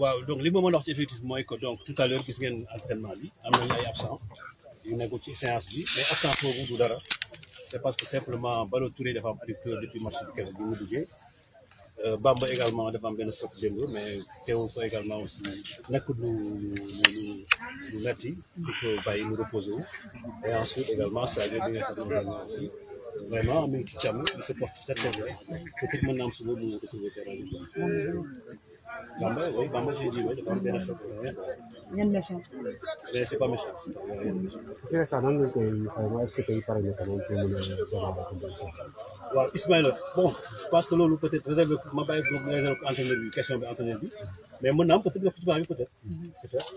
waaw donc li ma mën a wax ci effectif mooy que donc tout à l'heure gis ngeen entraînement bi am nañu absent yu nekkul ci séance bi mais absent foofu du dara c'est parce que simplement Ballo Touré dafa am adducteur depuis match bi keroog bi mu duggee euh, Bamba également dafa am benn choc démb mais teewul ko également aussi nekkul lu lu lu metti di ko bàyyi mu reposer wu et ensuite également Sadio bi nga xam ne également aussi vraiment mu ngi ci càmm il se Bamba oui Bamba j'ai dit oui dafa am benn choc. yan méchant. mais c'est pas méchant c'est pas méchant. est-ce que tey pare nga tamit pour mën a. waaw Ismaïla bon je que loolu peut-être ma ba ko réservé ko entraîneur bi question bi entraîneur bi mais mën naa am peut-être yokk ci bi peut-être peut-être.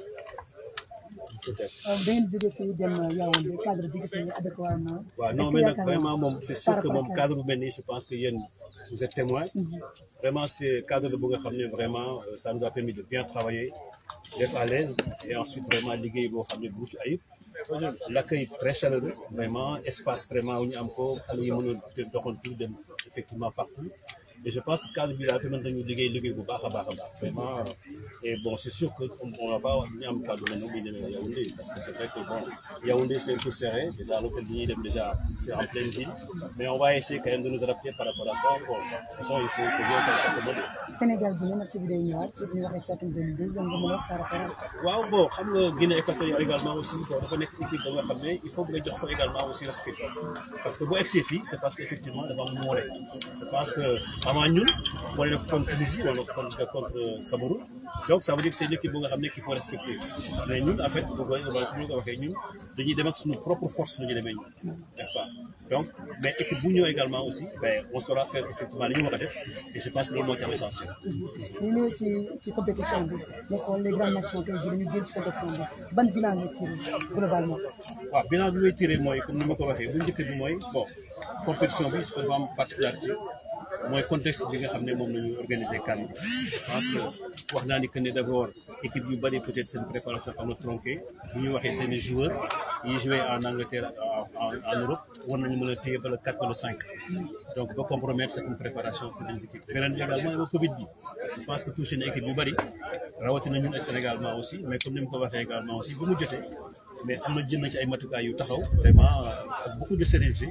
Euh, benn jóge euh, bi cadre bi gis nañu adéquat na waaw non nag vraiment moom c'est sûr que moom cadre bu mel nii je pense que yéen vous êtes témoin mhm. c'est cadre bu nga xam ne vraiment euh, ça nous a permis de bien travailler d'être à l'aise et ensuite vraiment liggéey boo xam ne bu mucc ayib l'accueil très chaleureux vraiment espace vraiment wu ñu am ko xale yi mën a doxantu dem effectivement partout Et je pense que cadre bilan tamit dañu liggéey liggéey bu baax a baax a baax vraiment et bon c'est sûr que on va pas ñu am cadre mel noonu ñu demee Yaoundé parce que c'est vrai que bon Yaoundé c'est un peu serré déjà l'hôtel bi ñuy dem déjà c'est en pleine ville mais on va essayer quand même de nous adapter par rapport à ça bon de toute façon il faut il faut bien s'accommoder. Sénégal bi match bi day ñëwaat pour ñu waxee caatum benn bi lan nga mën a wax par rapport ak. waaw bon xam nga Guinée équatoriale également aussi bon dafa nekk équipe ba nga xam ne il faut nga jox ko également aussi respect parce que bu egsee fii c'est parce que effectivement dafa am numéro je pense que. avant ñun wala contre Tunisie wala contre contre euh, donc ça veut dire que c'est une équipe bu nga xam ne ki faut respecter mais ñun en bu koy ko waxee ñun dañuy dem ak suñu propre force la ñu demee ñun n'est-ce pas donc ñu war a def et je pense que loolu moo ci am essentiel. ñu bi ñu jël ci compétition globalement. waaw bilan bi ñuy tiré mooy comme ni ma ko waxee bu njëkk bi mooy bon compétition bi dafa am particularité. mooy contexte bi nga xam ne moom la ñuy organiser CAN bi parce wax naa ni que ne d' abord équipe yu bari peut être seen préparation xaw na tronqué ñu waxee seen i joueurs yi en Angleterre en Europe war nañu mën a téye ba le quatre wala cinq donc ba compromettre seen préparation seen équipe beneen bi également mooy Covid bi je que touché na équipe yu bëri rawatina ñun ak Sénégal ma aussi mais comme ni mu ko waxee également aussi bu mu jotee mais am na jël na ci ay yu taxaw vraiment euh, ak beaucoup de sérénité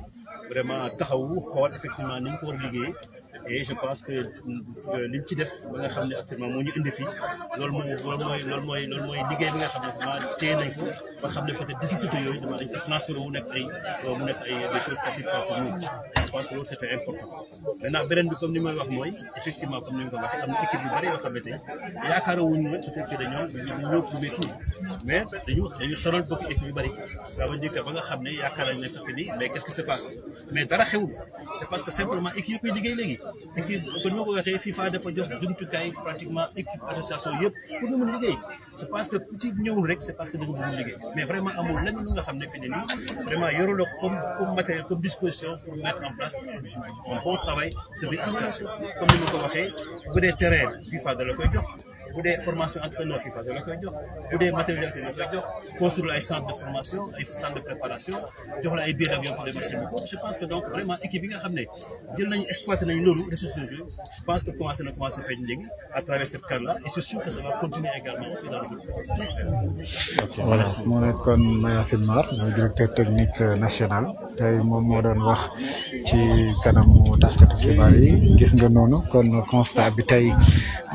vraiment taxawu xool effectivement ni ñu ko war a et je pense que euh, li ñu ci def ba nga xam ne actuellement moo ñu indi fii mooy loolu mooy loolu mooy liggéey bi nga xam ne vraiment téye nañ ba xam ne peut-être difficulté yooyu dama dañ ko transféré wu nekk ay euh, mu nekk ay euh, des choses faciles que loolu c'était important maintenant beneen bi comme ni may wax mooy effectivement comme ni ñu ko waxee am na équipe yu bëri yoo xam ne tey yaakaaroo wuñu peut-être que dañoo ñëw pour mais dañu dañu sonal bokk équipe yu bëri ça veut ba nga xam ne yaakaar nañ ne sax ni mais qu'est-ce qui se passe mais dara xewul c'est parce que simplement équipe yi liggéey léegi équipe kon ma ko waxee FIFA dafa jox jumtukaay pratiquement équipe association yëpp pour nga mën liggéey c'est parce que ci ñëwul rek c'est parce que da nga bëgg liggéey mais vraiment nga xam ne fi ne nii vraiment yoruloo comme comme matériel comme disposition pour mettre en place un bon travail sa biir association comme ni ma ko waxee bu dee terrain FIFA da la koy jox bu dee formation entrepreneur FIFA da la koy jox bu dee matériel d'activité ay centre de formation ay centre de préparation jox la ay billets d'avion pour les matchs amicaux je pense que donc vraiment équipe bi nga xam ne jël nañu exploité nañu loolu ressources yooyu je pense que commencé na commencé feeñ léegi à travers cette le futur. voilà mu nekkoon Mar mooy directeur technique national tey moom moo doon wax ci kanamu taskatu xibaar yi gis nga noonu kon constat bi tey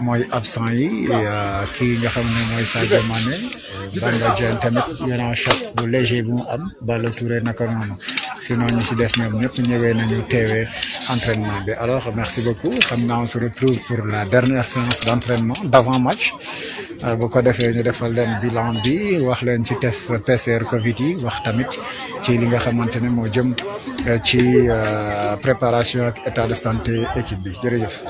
mooy absent yi. ki uh, nga xam ne mooy sa Mané uh, Bamba Dieng tamit yeneen choc bu léger bu mu am Balla Touré naka noonu sinon ñu ci des ñoom ñëpp ñëwee nañu teewee entraînement bi alors merci beaucoup xam naa on se retrouve pour la dernière séance d' entraînement match uh, bu ko defee ñu defal leen bilan bi wax leen ci test PCR Covid yi wax tamit ci li nga xamante ne moo jëm ci préparation ak état de santé équipe bi jërëjëf.